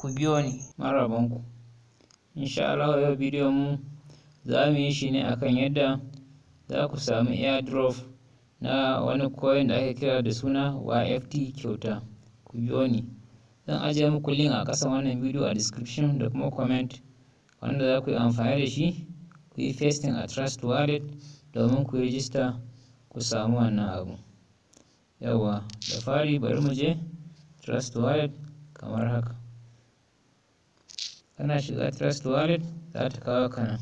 ku biyo ni marabanku insha Allah yau bidiyon mu za mu yi shi ne akan yadda za ku samu airdrop na wani coin da ake kira da suna YFT kyauta ku biyo ni zan ajiye muku link a ƙasan wannan bidiyo a description da kuma comment wanda za ku yi amfani da shi ku yi fasting a trust wallet domin ku rijista ku samu wannan abu yawa da fari bari mu je trust wallet kamar haka kana shiga trust wallet za ta kawo ka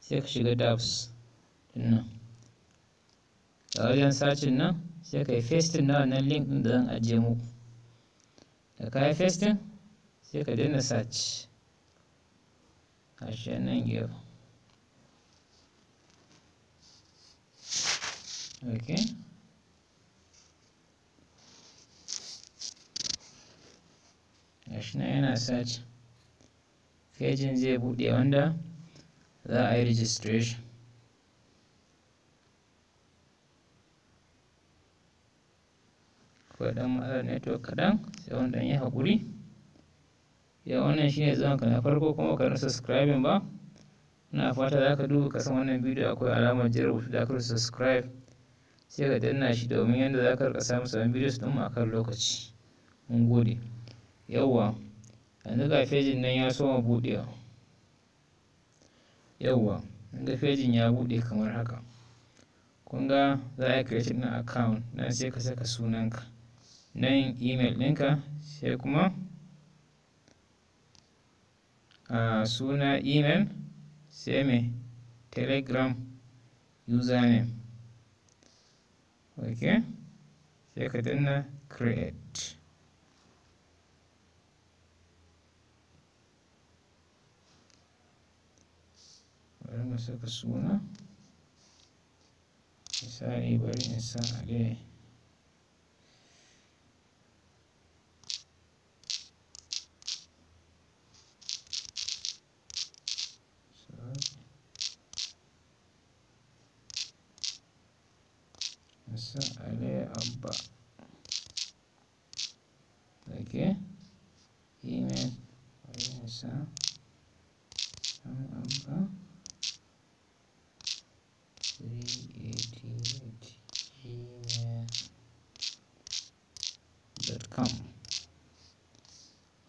sai ka shiga dapps din nan a wajen sacin nan sai ka yi festin na wannan link din da zan ajiye mu da ka yi festin sai ka daina search a nan gero okay gashi nan yana sace kejin zai buɗe wanda za a yi registration ɗan matsalar network kaɗan sai wanda ya haƙuri yau wannan shi shine ka na farko kuma ka subscribing ba na fata za ka duba ka san wannan bidiyo akwai alamar jin rubutu da aka subscribe sai ka danna shi domin yadda za ka rika samun bidiyo su ɗin a kan lokaci mun gode yawwa yanzu ga fejin nan ya soma buɗewa yauwa ga fejin ya buɗe kamar haka kun ga za a create na account nan sai ka saka sunanka nan email ɗinka sai kuma a suna email sai mai telegram username ok sai ka danna create bari mu saka suna misali bari in sa ale sa ale abba like eh? email bari in sa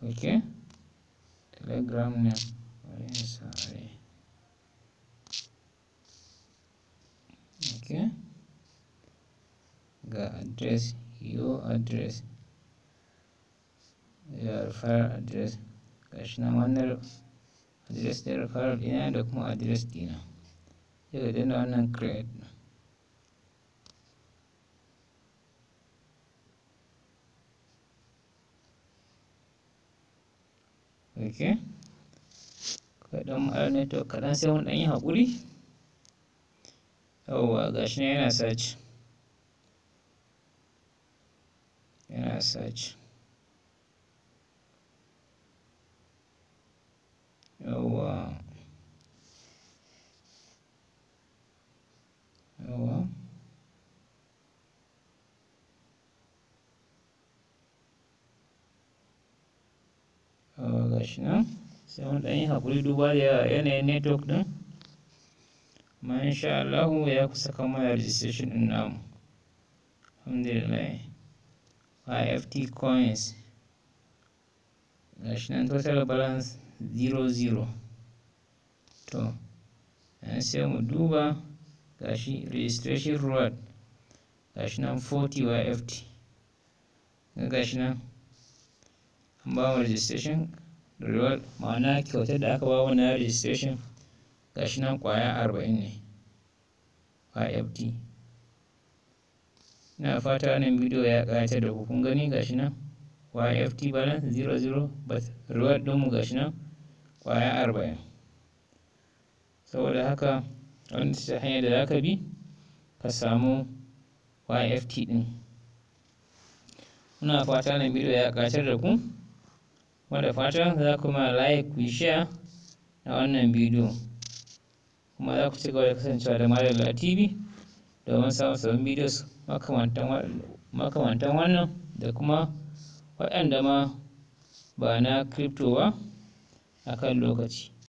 okay telegram name yes okay ga address your address your file address gashi nan address ɗin file ɗina da kuma address ɗina sai ka danna create ok kaɗan ma'ar network kaɗan sai wani ɗanyi haƙuri yawwa ga shi yana search yana search ga shi nan sai mun ɗan yi haƙuri duba da yanayin network ɗin amma insha Allah ya kusa kammala registration ɗin namu alhamdulillah IFT coins ga shi nan total balance 00 to yan sai mu duba ga shi registration reward ga shi nan 40 YFT ga shi nan an ba mu registration reward ma'ana kyautar da aka ba wannan registration shi nan kwaya arba'in ne ifd na fata wannan bidiyo ya ƙayatar da ku kun gani shi nan yft balance 00 but reward ɗinmu shi nan kwaya arba'in saboda haka wani ta hanyar da za ka bi ka samu yft ɗin muna fata wannan bidiyo ya ƙayatar da ku kuma da fatan za ku ma like ku share na wannan bidiyo kuma za ku ci gaba da kasancewa da Madalla TV domin samun sabbin bidiyos makamantan wannan da kuma waɗanda ma ba na crypto ba a kan lokaci